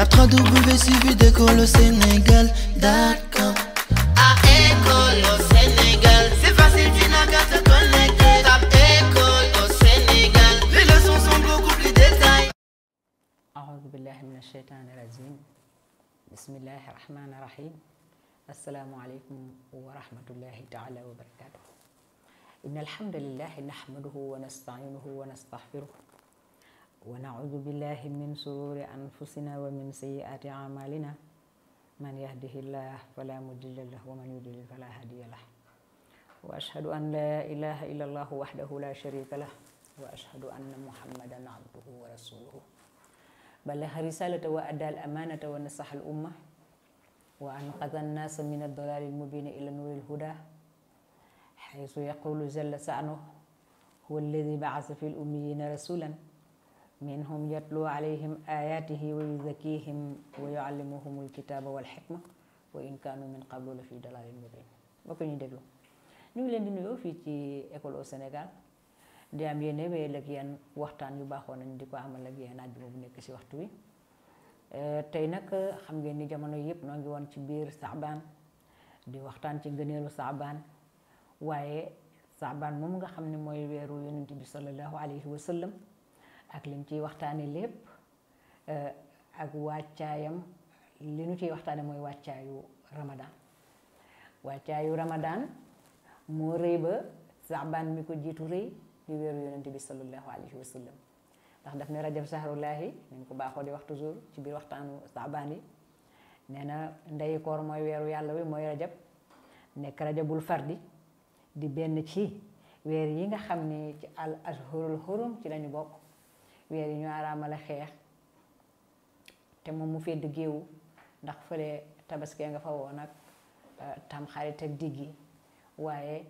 Tape 3 W suivi de Colo Sénégal. D'accord. À école au Sénégal. C'est facile, tu n'as qu'à te connecter. Tape école au Sénégal. Les leçons sont beaucoup plus détaillées. أعوذ بالله من الشيطان الرجيم بسم الله الرحمن الرحيم السلام عليكم ورحمة الله تعالى وبركاته إن الحمد لله نحمده ونستعينه ونستغفره ونعوذ بالله من شرور أنفسنا ومن سيئات أعمالنا من يهده الله فلا مضل له ومن يضلل فلا هادي له وأشهد أن لا إله إلا الله وحده لا شريك له وأشهد أن محمدا عبده ورسوله بلغ رسالة وأدى الأمانة ونصح الأمة وأنقذ الناس من الضلال المبين إلى نور الهدى حيث يقول جل سأنه هو الذي بعث في الأميين رسولا منهم يتلو عليهم آياته ويزكيهم ويعلمهم الكتاب والحكمة وإن كانوا من قبل لفي ضلال مبين بكو ني ديغلو ني لين دي نيو في تي ايكول او سينيغال دي ام يي نيمي لك يان وقتان يو باخون ن ديكو امال لك يان ادي مو نيك سي وقت وي ا آه، تاي ناك خام نغي ني جامانو ييب نونغي وون سي بير صعبان دي وقتان سي غنيلو صعبان وايي صعبان مومغا خامني موي ويرو يونتي بي صلى الله عليه وسلم ak lim ciy waxtaane lépp eh, ak wàccaayam li nu ciy waxtaane mooy wàccaayu ramadaan wàccaayu ramadaan moo rëy ba saabaan mi ko jiitu rëy di weeru yonent bi sallallahu alayhi wa ndax daf ne rajab sahrullahi nañ ko baaxoo di wax toujours ci biir waxtaanu saabaan yi nee na ndeyu mooy weeru yàlla wi mooy rajab nekk rajabul far di di benn ci weer yi nga xam ni ci al ashurul hurum ci lañu bokk weer yi ñu araamal a xeex te moom mu fedd géewu ndax fële tabaskee nga fa woon ak euh, tam xarit ak diggi waaye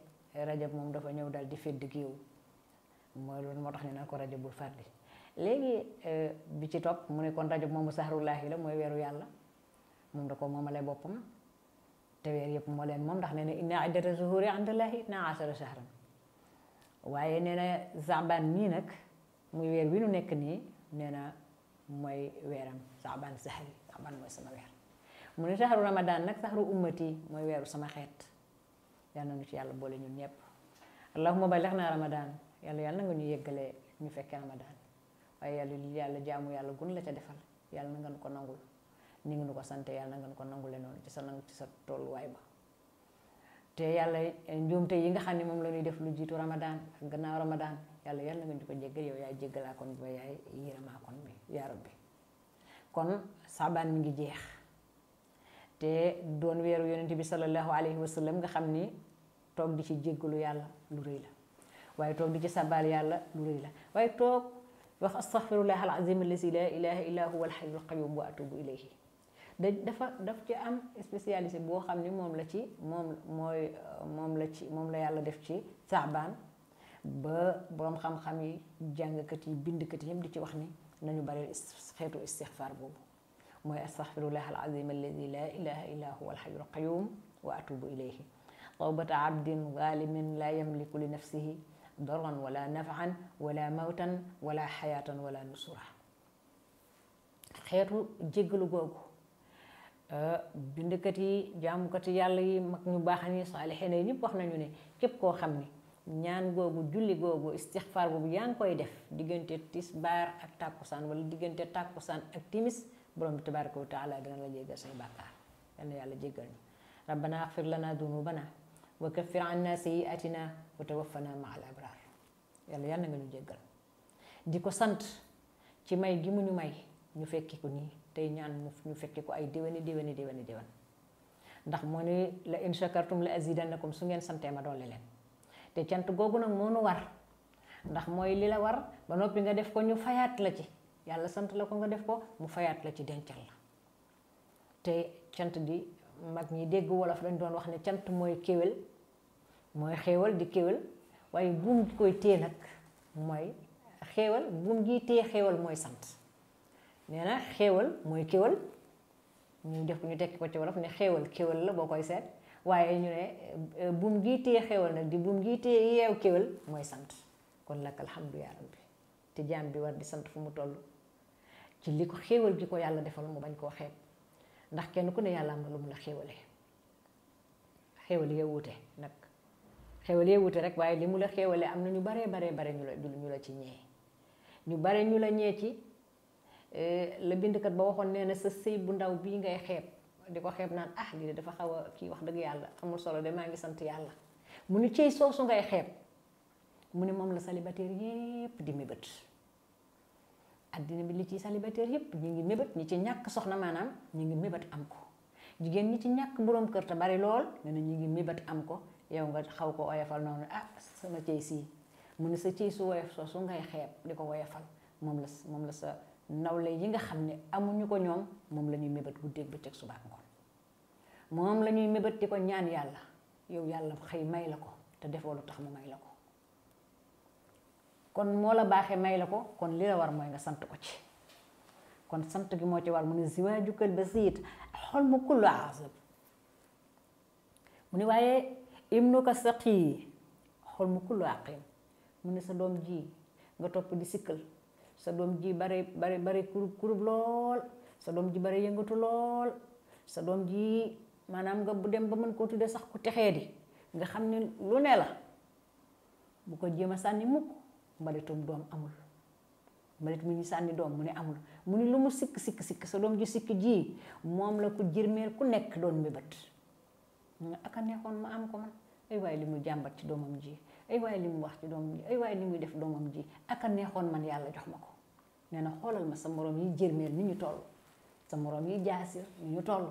rajab moom dafa ñëw dal di fedd géewu mooy loolu moo tax ñu nag ko rajabul fardi léegi euh, bi ci topp mu ne kon rajab moom saxarullaahi la mooy weeru yàlla moom da ko moomale boppam te weer yëpp moo leen moom ndax nee na inna iddata zuhuri indallaahi itnaa asara shahran waaye nee na zaban mii nag muy weer wi nu nekk nii nee na mooy weeram saxbaan sahri saxbaan mooy sama weer mu ne saxaru ramadaan nag saxaru ummati mooy weeru sama xeet yal na ci yàlla boole ñun ñëpp allahumma balligh naa ramadaan yàlla yàlla na nga ñu yëggale ñu fekkee ramadaan waaye yàlla yàlla jaamu yàlla gun la ca defal yàlla na nga ko nangul ni nu ko sante yàlla na nga nu ko noonu ci sa nangu ci sa tolluwaay te yàlla njuumte yi nga xam ne moom la ñuy def lu jiitu ramadaan ak gannaaw ramadaan yàlla yàlla nga ñu ko jéggal yow yaay jéggalaa kon bi ba yaay yërëmaa kon bi yaa rabbi kon saabaan mi ngi jeex te doon weeru yonent bi sallallahu alayhi wa sallam nga xam ni toog di ci jéggalu yàlla lu rëy la waaye toog di ci sabaal yàlla lu rëy la waaye toog wax astaghfirullah al azim allazi la ilaha illa huwa al da dafa daf ci am spécialisé boo xam ni moom la ci moom mooy moom la ci moom la yàlla def ci saabaan ba borom xam-xam yi jàngkat yi bindkat yi ñëpp di ci wax ni nañu bari xeetu istixfaar boobu mooy astaxfirullah alazim alladi la ilaha illa huwa alxayu alqayum wa atubu ilayhi tawbata abdin zalimin la yamliku li nafsihi ضرا ولا نفعا ولا موتا ولا حياة ولا نصرة خير جيغلو غوغو بندكتي جامكتي يالا مك ني باخني صالحين نيب واخنا ني كيب كو خامني ñaan googu julli googu istixfaar boobu yaa ngi koy def diggante tisbaar ak tàkkusaan wala diggante tàkkusaan ak timis borom bi tabaaraka wa taala dina la jéggal na yàlla jéggal ñu rabbana axfir lana dunubana wa kaffir anna sayiatina wa yàlla yàlla nga ñu jéggal di ko sant ci may gi mu ñu may ñu fekki ko nii tey ñaan mu ñu fekki ko ay déwéni déwéni déwéni déwén ndax moo ne la in shakartum la azidannakum su ngeen santee ma doole leen te cant googu nag moonu war ndax mooy li la war ba noppi nga def ko ñu fayaat la ci yàlla sant la ko nga def ko mu fayaat la ci dencal la te cant di mag ñi dégg wolof lañ doon wax ne cant mooy kéwél mooy xéewal di kéwél waaye buum koy téye nag mooy xéewal buum gi téye xéewal mooy sant nee na xéewal mooy kéwél ñu def ñu tekki ko ci wolof ne xéewal kéwél la boo koy seet waaye ñu ne eh, buum gii tee xewal nag di buum gii tee yeew kéwal mooy sant kon lakk alhamdu yaa te jaam bi war di sant fu mu toll ci li ko xéewal gi ko yàlla defal mu bañ koo xeeb ndax kenn ku ne yàlla am na lu mu la xéewalee xéewal yee wuute nag xéewal yee wute rek waaye li mu la xéewalee am na ñu baree baree bare ñu la ñu la ci ñee ñu bare ñu la ñee ci eh, la bindkat ba waxoon nee na sa sëy bu ndaw bii ngay xeeb di ko xeb naan ah lii dafa xawa ki wax deug yalla amul solo de ma ngi sant yalla mu ni cey soosu ngay xeb mu ne la célibataire yep di mebet adina bi li ci célibataire yep ñi ngi mebet ñi ci ñak soxna manam ñi ngi mebet am ko jigen ñi ci ñak borom kër ta bari lool ne ñi ngi mebet am ko yow nga xaw ko oyefal noonu ah sama cey si mu ne sa cey su woyof soosu ngay xeb di ko woyofal moom la mom la sa nawle yi nga xamne amuñu ko ñoom moom la ñuy bu guddeeg bëccëg subaak ngoon moom la ñuy mébét ko ñaan yàlla yow yàlla xëy may la ko te defoo lu tax mu may la ko kon moo la baaxee may la ko kon li la war mooy nga sant ko ci kon sant gi moo ci war mu ne ziwaajukal basiit xol mu kullu azab mu waaye ibnuka saqi xol mu kullu aqim sa doom ji nga topp di sikkal sa doom ji bare bare bare kurub kurub lool sa doom ji bare yëngatu lool sa doom ji manam nga bu dem ba man ko tudde sax ku texé di nga xamni lu ne la bu ko jema sanni sànni mbalitum amul mbalit mu ñu sanni dom mu ne amul mu ni lu mu sik sik sik sa dom ju sik ji mom la ku jirmel ku nekk doon mébét nga aka nekhon ma am ko man ay way limu mu ci domam ji ay way limu mu wax ci domam ji ay way limu def domam ji aka nekhon man yalla jox mako ko xolal ma sa morom yi jirmel ni ñu toll sa morom yi jaasir ni ñu toll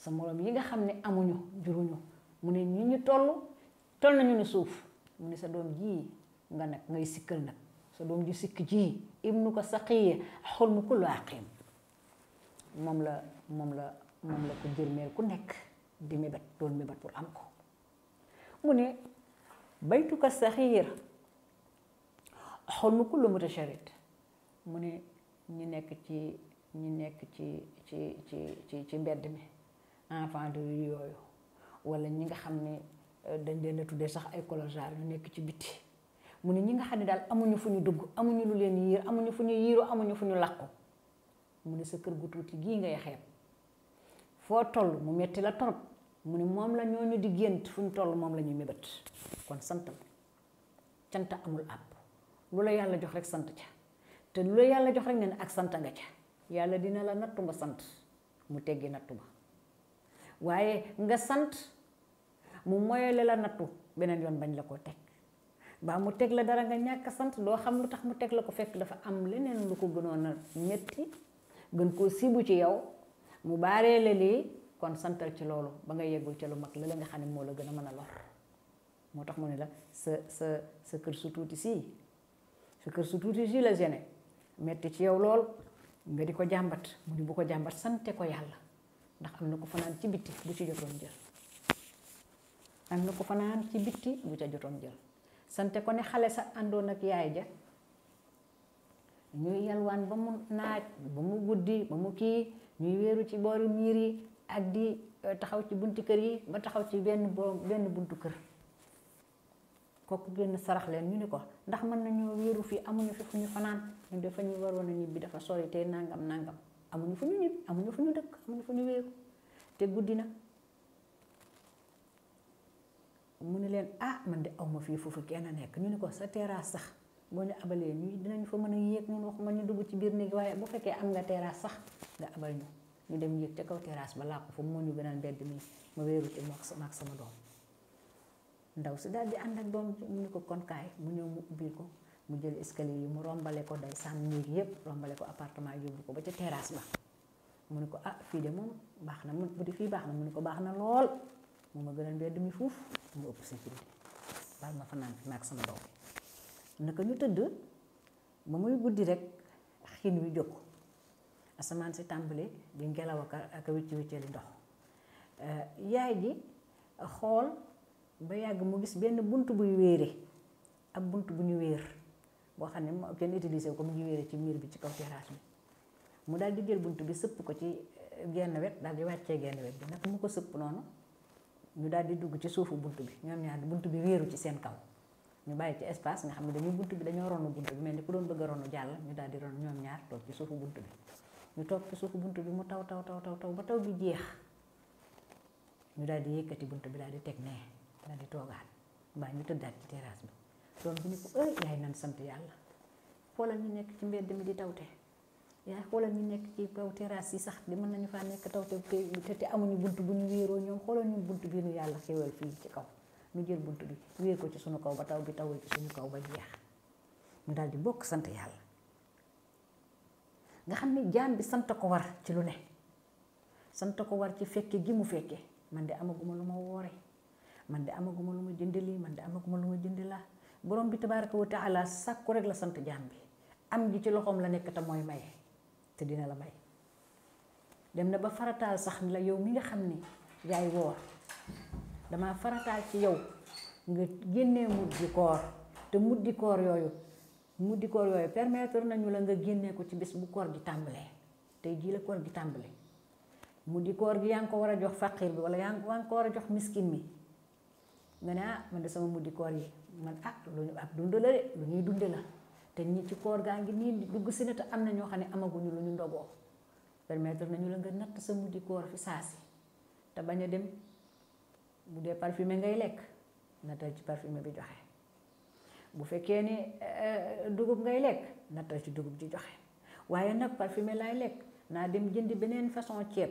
sa moroom yi nga xam ne amuñu juruñu mu ne ñu ñu toll toll nañu ne suuf mu ne sa doom jii nga nag ngay sikkal nag sa doom ji sikk jii ibnu ko saqiye xol mu kullu la moom la moom ku nekk di mébat doon pour am ko mu ne baytuka saxiir xol mu kullu mu ne ñi nekk ci ñi nekk ci ci ci ci ci mbedd mi enfant de rue yooyu wala ñi nga xam ne euh, dañ leen a tuddee sax ay colosar yu nekk ci biti mu ne ñi nga xam ne daal amuñu fu ñu dugg amuñu lu leen yiir amuñu fu ñu yiiru amuñu fu ñu làqu mu ne sa kër gu tuuti gii ngay xeeb foo toll mu metti la torop mu ne moom la ñooñu di gént fu ñu toll moom la ñuy mébét kon santal cant amul àpp lu la yàlla jox rek sant ca te lu la yàlla jox rek ne ak sant nga ca yàlla dina la nattu nga sant mu teggi nattu waaye nga sante mu moyale la natou benen yon bagn la ko teg baa mu tek la dara nga ñak sante doo xam lutax mu tek la ko fekk dafa am leneen lu ko gënonal metti gën ko sibu ci yow mu bare le li kon santal ci lolu ba nga yeggul ci lu mak la nga xane mo la gëna mëna lor motax mo ne la sa sa sa keur su sa keur su tuuti sii la gene metti ci yow lol nga di ko jambat, mu ni bu ko jambat sante ko yalla Anu anu ndax am na ko fanaan ci biti bu ci jotoon jël am na ko fanaan ci biti bu ca jotoon jël sante ko ne xale sa àndoon ak yaay ja ñuy yalwaan eh, ba mu naaj ba mu guddi ba mu kii ñuy wéeru ci booru miir yi ak di taxaw ci bunti kër yi ba taxaw ci benn benn buntu kër kooku génn sarax leen ñu ni ko ndax mën nañoo wéeru fii amuñu fi fu ñu fanaan ñu dafa ñu waroon a ñibbi dafa sori te nangam nangam amuñu fuñu ñu amuñu fuñu dëkk amuñu fuñu wéeku te guddi na mu ne leen ah man de aw ma fii foofu kenn nekk ñu ne ko sa terrasse sax boo ñu abalee ñu dinañ fa mën a yéeg ñun waxuma ñu dugg ci biir néeg waaye bu fekkee am nga terrasse sax nga abal ñu ñu dem yéeg ca kaw terrasse ba làqu fa moo ñu gënal mbedd mi ma wéeru ci maag sama doom ndaw si daal di ànd ak doom mu ne ko kon kaay mu ñëw mu ubbil ko mu jël escalier yi mu rombalé ko day sam néeg yépp rombalé ko appartement ah, yobbu ko ba ca terrasse ba mu ne ko ah fii de moom baax na mu bu di fii baax na mu ne ko baax na lool mu ma gënal mbedd mi fuuf mu ëpp sécurité bal ma fanaan fi maag sama doom naka ñu tëdd ba muy guddi rek xin wi jóg asamaan si tàmbali di ngelaw ak ak wicci wicci li ndox eh, yaay ji xool ba yàgg mu gis benn bunt buy wéere ab bunt bu ñu wéer bo xamne mo kenn utiliser ko mu ngi wéré ci mur bi ci kaw terrasse bi mu dal di jël buntu bi sepp ko ci eh, genn wet dal di wacce genn wet bi nak mu ko sepp noonu ñu dal di dugg ci suufu buntu bi ñom ñaar buntu bi wéru ci seen kaw ñu bayyi ci espace nga xamne dañuy bi dañoo ronu buntu bi melni ku doon bëgg ronu jall ñu dal di ron ñom ñaar tok ci suufu buntu bi ñu tok ci suufu buntu bi mu taw taw taw taw taw ba taw bi jeex ñu dal di yëkëti buntu bi dal di tek ne dal di toogaat ba ñu tëddaat ci terrasse bi don bu ko ëy yaay nan sant yalla xoolal ñu nekk ci mbedd mi di tawte ya xoolal ñu nekk ci kaw terrasse yi sax di mën nañu faa nekk tawte te te amuñu buntu bu ñu wéeroo ñoom xoolal ñun bunt bi ñu yalla xewal fi ci kaw ñu jël buntu bi wéer ko ci suñu kaw ba taw bi tawul ci suñu kaw ba jeex mu daldi di bokk sant yalla nga xamni jaam bi sant ko war ci lu ne sant ko war ci fekke gi mu fekke man de amaguma luma woré man de amaguma luma jëndeli man de amaguma luma borom bi tabaaraka wa taala sàkku rek la sant jaam bi am gi ci loxoom la nekk te mooy maye te dina la may dem na ba farataal sax la yow mi nga xam ni yaay woor dama farataal ci yow nga génnee muddi koor te muddi koor yooyu muddi koor yooyu permetre nañu la nga génnee ko ci bis bu koor gi tàmbalee tey jii la koor gi tàmbalee muddi koor gi yaa ngi ko war a jox faqir bi wala yaa ngi ko war a jox miskin mi nga ne ah man de sama muddi koor yi man lu ah, loolu ab dund la de lu ñuy dunde la té ñi ci koor gaa ngi dugg ci na te am na ñoo xam ne lu ñu ndogoo permettre nañu la nga nat sa mudi koor fi saasi te baña dem bu dé parfumé ngay lek nattal ci parfumé bi joxé bu fekkee ni eh, dugub ngay lek nattal ci dugub ji joxé waaye nak parfumé lay lek na dem jëndi benen façon ciép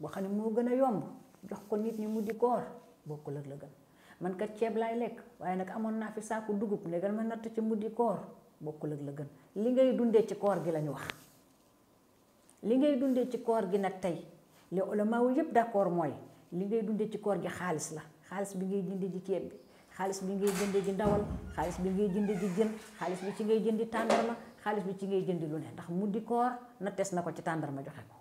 bo xam mo gëna yomb jox ko nit ñi mudi koor bokku ak la gën man kat ceeb lay lekk waaye nag amoon naa fi saaku dugub léegal ma natt ci muddi koor bokkul ak la gën li ngay dundee ci koor gi lañu wax li ngay dundee ci koor gi nag tey li ulamaaw yëpp d'accord mooy li ngay dundee ci koor gi xaalis la xaalis bi ngay jëndee ji ceeb bi xaalis bi ngay jëndee ji ndawal xaalis bi ngay jënde ji jën xaalis bi ci ngay jëndi tàndarma xaalis bi ci ngay jëndi lu ne ndax di koor na tes na ko ci tàndarma joxe ko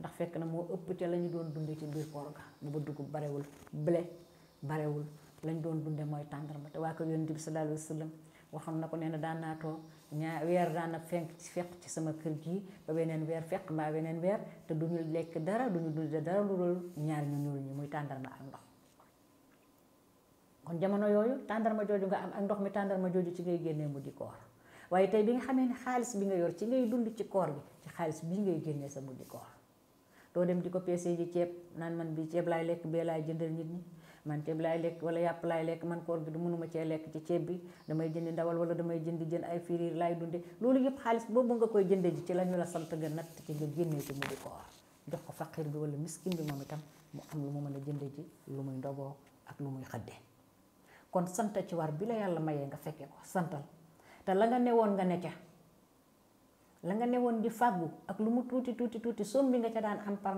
ndax fekk na moo ëpp ca la ñu doon dundee ci biir koor ga booba dugub barewul barewul lañ doon dundé moy tandarma té waa ko yonente bi sallallahu alayhi wasallam sallam nako néna da na to ña wér da na fenk ci fekk ci sama kër gi ba beneen wér fekk ma beneen wér té duñu lek dara duñu dund dara lu dul ñaar ñu ñuul ñi moy tandarma ak ndox kon jamono yoyu tandarma joju nga am ak ndox mi tandarma joju ci ngay génné mu di koor waye tay bi nga xamé ni xaaliss bi nga yor ci ngay dund ci koor bi ci xaaliss bi ngay génné sa mu di koor do dem diko pc ji ciep nan man bi ciep lay lek be lay jëndal nit ñi man ceeb laay lekk wala yàpp laay lekk man koor gi du mënuma cee lekk ci ceeb bi damay jëndi ndawal wala damay jëndi jën ay firiir laay dunde loolu yëpp xaalis boobu nga koy jënde ji ci la la sant nga natt ci nga génnee ci mu di koor jox ko faqir bi wala miskin bi moom itam mu am lu mu mën a jënde ji lu muy ndogoo ak lu muy xëddee kon sant ci war bi la yàlla mayee nga fekkee ko santal te la nga newoon nga ne ca la nga newoon di fàggu ak lu mu tuuti tuuti tuuti somme bi nga ca daan am par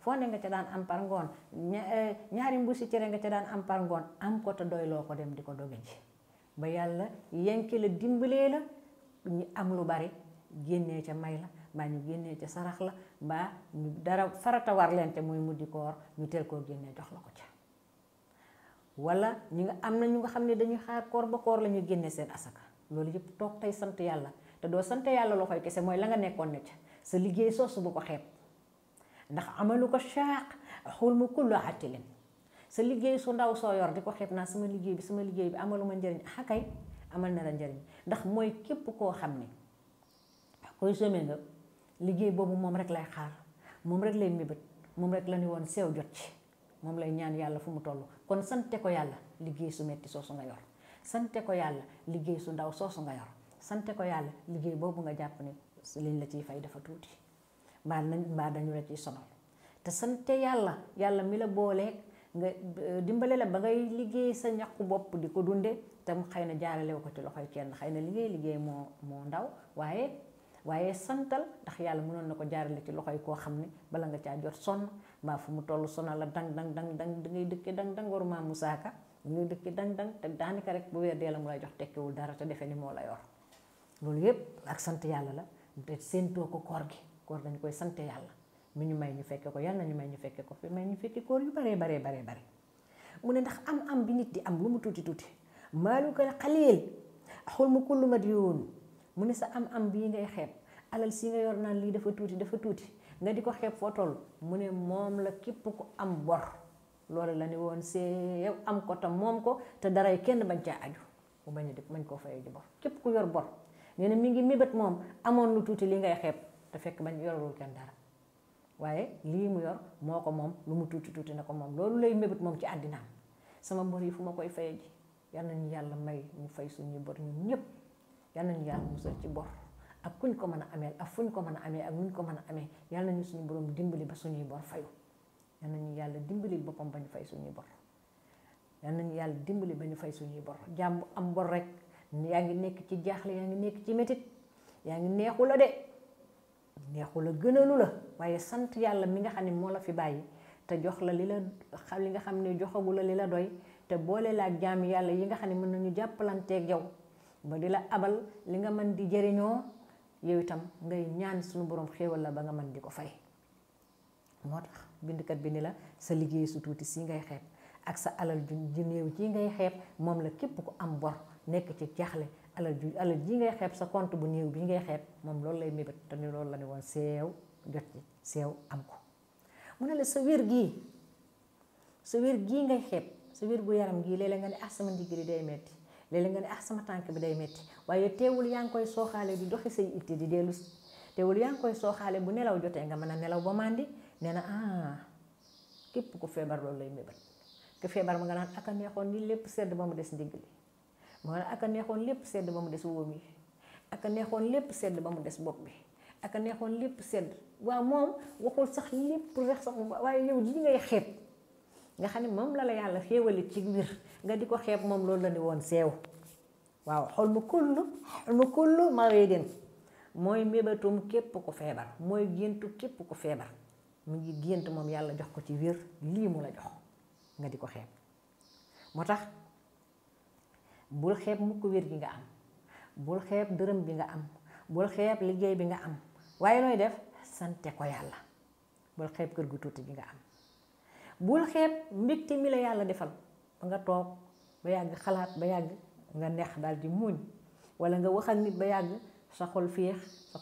fonde nga am ampar ngon eh, ñaari mbusi cere nga am ampar ngon am ko doy doylo ko dem diko doge ci ba yalla yanki la dimbele la ñi am lu bari genné ca may la ba ñu genné ca sarax la ba ñu dara farata war len te moy muddi koor ñu tel ko genné jox la ko ca wala ñi nga am na ñu nga xam dañuy xaar koor ba koor la ñu génne seen asaka lolu yep tok tay sante yalla te do sante yalla lo koy kesse moy la nga nekkone ca sa liggey soosu bu ko xeeb ndax amalu ko shaq xulmu kullu atilin sa liggey su ndaw so yor diko ko sama liggey bi sama liggey bi amalu ma njëriñ xakay amal na la njëriñ ndax moy kep ko xam koy semé nga liggey bobu mom rek lay xaar mom rek lay mébét mom rek la won sew jot ci mom lay ñaan yalla fu mu tollu kon sante ko yalla liggey su metti soosu nga yor sante ko yalla liggey su ndaw nga yor sante ko yalla liggey bobu nga japp ne liñ la ciy fay dafa tuti mbaa nañ mbaa dañu la ci sonal te sante yàlla yàlla mi la booleeg nga euh, dimbale la ba ngay liggéey sa ñàkku bopp di ko dunde te xëy na jaaralewu ko ci loxoy kenn xëy na liggéey liggéey moo moo ndaw waaye waaye santal ndax yàlla mënoon na ko jaarale ci loxoy koo xam ne bala nga caa jot sonn mbaa fu mu toll sonal la dang dang dang dang dangay dëkke dang dang waru maa musaaka dangay dëkke dang dang te daanaka rek bu weer dee la mu lay jox tekkiwul dara te defe ni moo la yor loolu yépp ak sant yàlla la te séentoo ko koor gi koor dañ koy sante yàlla mi ñu may ñu fekke ko yàlla ñu may ñu fekke ko fi may ñu fekke koor yu bare bare bare bare mu ne ndax am am bi nit di am lu mu tuti. tuuti maalu ko xalil xul mu kullu madyun mu ne sa am am bii ngay xeeb alal si nga yor naan lii dafa tuuti dafa tuuti nga di ko xeeb foo toll mu ne moom la képp ko am bor loolu la ni woon see yow am ko te moom ko te daray kenn bañ caa aju mu bañ a dëkk mañ koo fayee bor képp ku yor bor nee na mi ngi mébét moom amoon lu tuuti li ngay xeeb te fekk bañ yorul kenn dara waaye lii mu yor moo ko moom lu mu tuuti tuuti na ko moom loolu lay mebut moom ci àddinaam sama mbër yi fu ma koy ji yal nañu yàlla may ñu fay suñu bor ñun ñëpp yal nañu yàlla musal ci bor ak kuñ ko mën a amee ak fuñ ko mën a amee ak nuñ ko mën a amee yal nañu suñu borom dimbali ba suñuy bor fayu yal nañu yàlla dimbali boppam ba fay suñuy bor yal nañu yàlla dimbali ba fay suñuy bor jàmm am bor rek yaa ngi nekk ci jaaxle yaa ngi nekk ci métit yaa ngi neexu la de neexu la gënalu la waaye sant yàlla mi nga xam ne moo la fi bàyyi te jox la li la xam li nga xam ne joxagu la li doy te boole la jaam yàlla yi nga xam mën nañu jàppalanteeg yow ba di abal li nga mën di jëriñoo yow itam ngay ñaan suñu borom xéewal la ba nga mën di ko fay moo tax bindkat bi ni la sa liggéey su tuuti si ngay xeeb ak sa alal ju néew ci ngay xeeb moom la képp ku am bor nekk ci ala ju alal ji ngay xeb sa compte bu new bi ngay xeb mom lool lay mebet tan lool la ni won sew jot ci seew am ko mu ne sa wér gi sa wér gi ngay xeb sa wér gu yaram gi lele nga ni ah sama ndigg day metti lele nga ni ah sama tank bi day metti waye teewul yang koy di doxi sey itti di delus, teewul yang koy sooxaale bu nelaw jotee nga mën nelaw ba mandi nee ah kep ko febar lool lay mebet ke febar ma nga nan akane xon ni lepp sedd ba mu dess moo ak a neexoon lépp sedd ba des wóom yi ak a neexoon lépp sedd ba mu des bopp bi ak a neexoon lépp sedd waaw moom waxul sax lépp rex sax waaye yow li ngay xeeb nga xam ne moom la la yàlla xéewale ci wir nga di ko xeeb moom loolu la ni woon seew waaw xol mu kullu xol mu mooy mébatum képp ku feebar mooy gént képp ku feebar mu ngi gént moom yàlla jox ko ci wér lii mu la jox nga di ko xeeb moo tax bul xeeb mukk wér gi nga am bul xeeb dërëm bi nga am bul xeeb liggéey bi nga am waaye looy def sante ko yàlla bul xeeb kër gu tuuti bi nga am bul xeeb mbégte mi la yàlla defal ba nga toog ba yàgg xalaat ba yàgg nga neex daal di muuñ wala nga wax nit ba yàgg sa xol féex sa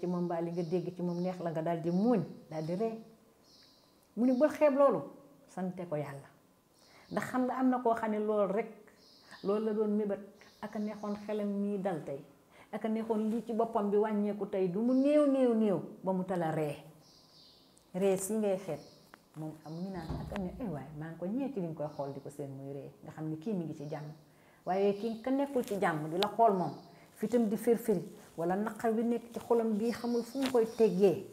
ci moom li nga dégg ci moom neex la nga daal di muuñ daal di ree mu ne bul xeeb loolu sante ko yàlla ndax xam nga am na koo xam ne loolu rek loolu la doon mébat ak a neexoon xelam mii dal tey ak a neexoon lii ci boppam bi wàññeeku tey du mu néew néew néew ba mu tala ree ree si ngay xeet moom am ñu naan ak am ne ay eh waay ko ñeeti liñ koy xool di ko seen muy nga xam ne kii mi ngi ci jàmm waaye kii ka nekkul ci jàmm di la xool moom fitam di firfiri wala naqar bi nekk ci xolam bii xamul fu mu koy teggee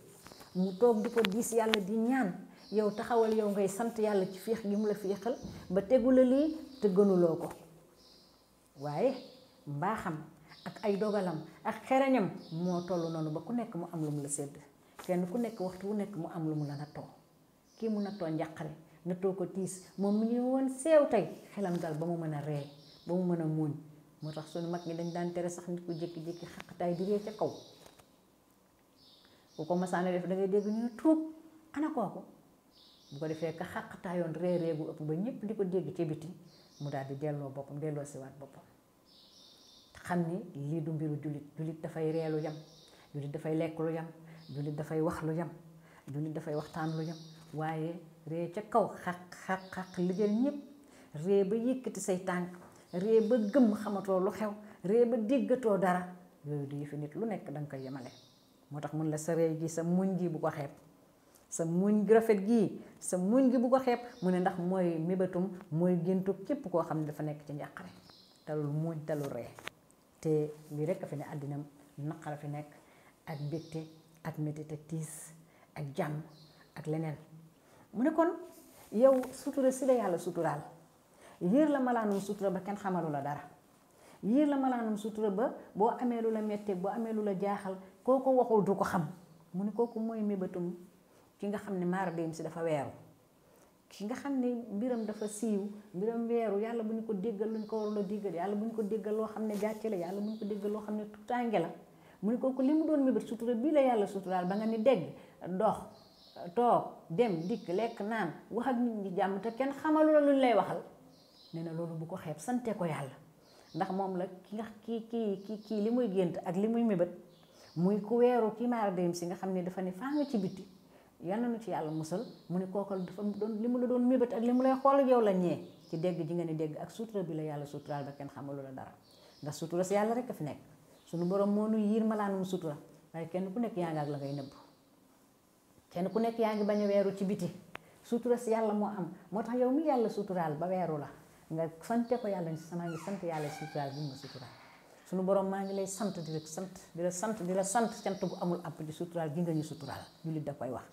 mu toog di ko diis yàlla di ñaan yow taxawal yow ngay sant yàlla ci fiix gi mu la fiixal ba tegu la lii te gënuloo ko waaye mbaaxam ak ay dogalam ak xereñam moo toll noonu ba ku nekk mu am lu mu la sedd kenn ku nekk waxtu wu nekk mu am lu mu la nattoo kii mu nattoo njàqare nattoo ko tiis moom mu ngi woon seew tey xelam dal ba mu mën a ree ba mu mën a muuñ moo tax suñu mag ñi dañ daan tere sax nit ku jékki-jékki xaqataay di ree ca kaw bu ko masaana def da ngay dégg ñu tuub ana kooku bu ko defee ka xaqataayoon ree ree bu ëpp ba ñépp di ko dégg ci biti mu daal di delloo boppam delloo siwaat boppam xam ni lii du mbiru julit julit dafay reelu yam julit dafay lekk lu yam julit dafay wax lu yam julit dafay waxtaan lu yam waaye ree ca kaw xaq xaq xaq lijël ñëpp ree ba yëkkati say tànk ree ba gëm xamatoo lu xew ree ba déggatoo dara yooyu du yëfi nit lu nekk da koy yemale moo mun la sa ree gi sa muñ gi bu ko xeeb sa muñ rafet gii sa muñ gi bu ko xeeb mu ne ndax mooy mébatum mooy géntu képp koo xam ne dafa nekk ci njàqare talul muñ talul ree te lii rek a fi ne àddinam naqara fi nekk ak bégte ak métit ak tiis ak jàmm ak leneen mu ne kon yow sutura si la yàlla suturaal yéer la malaanum sutura ba kenn xamalu la dara yéer la malaanum sutura ba boo amee lu la metti boo amee lu la jaaxal koo ko waxul du ko xam mu ne kooku mooy mébatum ki nga xam ne maara dem si dafa weeru ki nga xam ne mbiram dafa siiw mbiram weeru yàlla bu ñu ko déggal lu ñu ko warul a déggal yàlla bu ñu ko déggal loo xam ne gàcce la yàlla bu loo xam ne tuutaange la mu ne kooku li mu doon mébét sutura bii la yàlla suturaal ba nga ni dégg dox toog dem dikk lekk naan wax ak nit ñi jàmm te kenn xamalu la luñ lay waxal nee na loolu bu ko xeeb sante ko yàlla ndax moom la ki nga ki ki kii kii li muy gént ak li muy mébét muy ku weeru ki maar dem nga xam ne dafa ne faa ci bitti yàlla nu ci yàlla musal mu ne kookal dafa doon li mu la doon mébét ak li mu lay xool ak yow la ñee ci dégg ji nga ne dégg ak sutura bi la yàlla suturaal ba kenn xamalu la dara ndax sutura si yàlla rek a fi nekk suñu borom moo nu yiir malaanum sutura waaye kenn ku nekk yaa ngi ak la ngay nëbb kenn ku nekk yaa ngi bañ a weeru ci biti sutura si yàlla moo am moo tax yow mi yàlla suturaal ba weeru la nga sante ko yàlla sama ngi sant yàlla suturaal bi mu suturaal suñu borom maa ngi lay sant di la sant di la sant di la sant sant bu amul àpp di suturaal gi nga ñu suturaal jullit da koy wax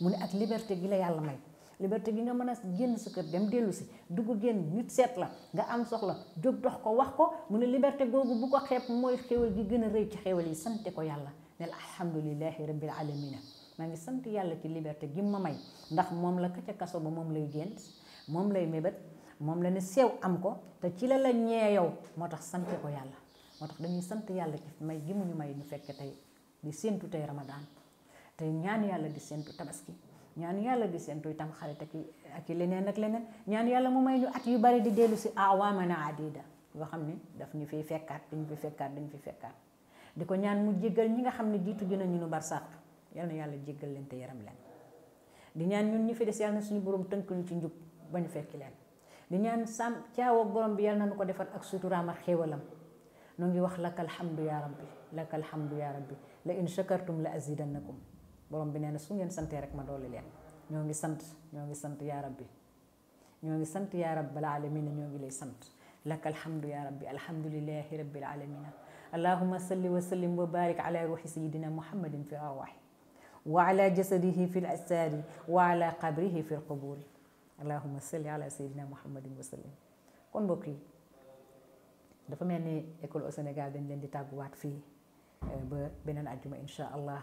mu ne ak liberté gi la yàlla may liberté gi nga mën a génn sa kër dem dellu si dugg génn nit seet la nga am soxla jóg dox ko wax ko mu ne liberté googu bu ko xeeb mooy xéwal gi gën a rëy ci xéwal yi sante ko yàlla ne la alhamdulilahi rabbil alamina maa ngi sant yàlla ci liberté gi ma may ndax moom la ka ca kaso ba moom lay gént moom lay mébét moom la ne seew am ko te ci la la yow moo tax sante yàlla motax dañuy sant yalla ci may gi mu ñu may ñu fekke tay di sentu tay ramadan tay ñaan yalla di sentu tabaski ñaan yalla di sentu itam xarit ak ak leneen ak leneen ñaan yalla mu may ñu at yu bari di delu si awamana adida yoo xamni daf ñu fi fekkat dañ fi fekkat dañ fi fekkat diko ko ñaan mu jéggal ñi nga xamni jitu gi nañu ñu barsàq yal na yalla jéggal leen te yaram leen di ñaan ñun ñi fi dess yalla suñu borom teunk ñu ci njub ba ñu fekki leen di ñaan sàmm caawa borom bi yalla nañu ko defal ak suturama xewalam نونغي واخ لك الحمد يا ربي لك الحمد يا ربي لان شكرتم لازيدنكم بروم بي نانا سونغي سانت رك ما دولي لين نونغي سانت نونغي سانت يا ربي نونغي سانت يا رب العالمين نونغي لي سانت لك الحمد يا ربي الحمد لله رب العالمين اللهم صل وسلم وبارك على روح سيدنا محمد في الارواح وعلى جسده في الاجساد وعلى قبره في القبور اللهم صل على سيدنا محمد وسلم كون بوكي dafa mel ni école au Sénégal dañ leen di tàgguwaat fii euh, ba beneen àjjuma incha allah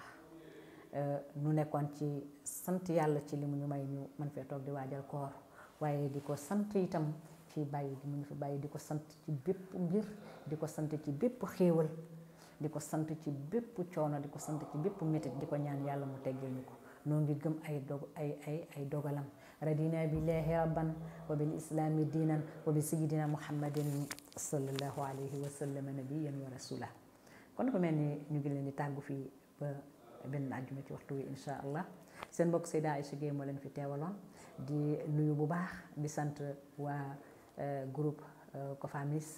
euh, nu nekkoon ci sant yàlla ci li mu ñu may ñu man fee toog di waajal koor waaye di ko sant itam ci bàyyi di mu ñu fi bàyyi di ko sant ci bépp mbir di ko sant ci bépp xéewal di ko sant ci bépp coono di ko sant ci bépp métit di ko ñaan yàlla mu teggil ñu ko noo ngi gëm ay dog ay ay ay dogalam radina billahi rabban wa bil islami diinan wa bi sayidina muhammadin صلى الله عليه وسلم نبيا ورسولا كون فماني نيغي لاني تاغو في بن عجمه وقتو ان شاء الله سين بوك سيدا عائشه جي مولن في تيوالون دي نويو بو باخ دي سانت وا غروب كوفاميس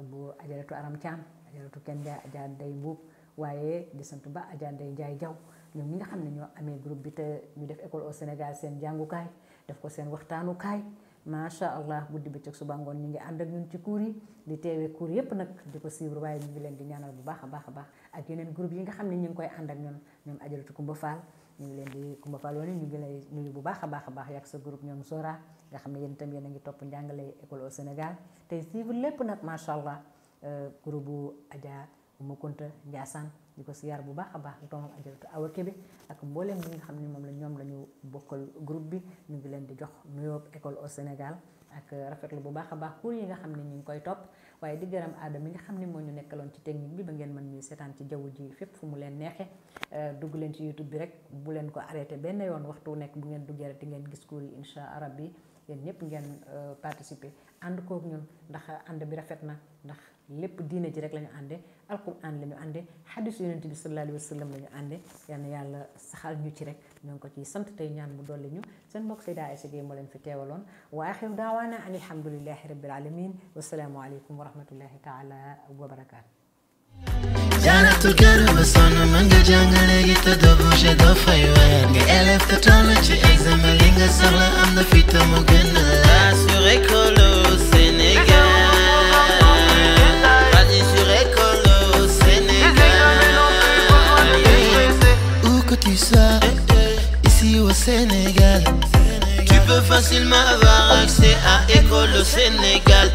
ابو اجارتو ارام تيام اجارتو كندا اجار داي بوب وايي دي سانت با اجار داي جاي جاو ñoom ñi nga xam ñoo amee groupe bi te ñu def école au Sénégal seen jàngukaay def ko seen waxtaanu kaay machallah guddi bëccëg suba ngoon ñu ngi and ak ñun ci cour yi di téwé cour yépp ya nak di ko suivre waaye ñu ngi leen di ñaanal bu baaxa baaxa baax ak yeneen groupe yi nga xamni ne ngi koy and ak ñun ñoom ajalatu Kumba Fall ñu ngi leen di Kumba Fall woni ñu ngi lay nuyu eh, bu baaxa baaxa baax yak sa groupe ñom sora nga xamni yeen tam itam yéen a ngi topp njàngale école au Sénégal tey suivre lépp allah euh groupe bu Adja Umu Kunta Ndiassane diko ko bu bu baax a baax doomam ajaratu awa bi ak mboolem ñi nga xamni mom la ñom lañu bokkal groupe bi ñu ngi leen di jox nuyoob école au Sénégal ak rafetlu bu baakha baax kuur yi nga xamni ñu ngi koy top waye di gëram aada mi nga xamni mo ñu nekkaloon ci technique bi ba ngeen mën ñuy seetaan ci jawu ji fep fu mu leen euh dugg leen ci youtube bi rek bu leen ko arrêté ben yoon waxtu nekk bu ngeen duggé rek di ngeen gis kuur yi insha rabbi bi yéen ngeen euh, participer ànd kook ñun ndax ànd bi rafetna ndax lépp diine ji rek lañu ànde alquran la ñu ànde hadith yonente bi sallallahu alayhi wasallam lañu ànde yalla yàlla saxal ñu ci rek ñoo ko ci sant tay ñaan mu dolli ñu seen mbokk sayda Aïssa Gueye mo leen fi teewaloon wa akhir dawana an alhamdulilahi rabbil alamin wa assalamu alaykum wa rahmatullahi taala wa barakatuh jana kër ba sonn mën nga jàngale gi te doo bouge doo fay weer nga élève te toll ci examen li nga soxla am na fi te mu gën a Ici au Sénégal Tu peux facilement avoir accès à école au Sénégal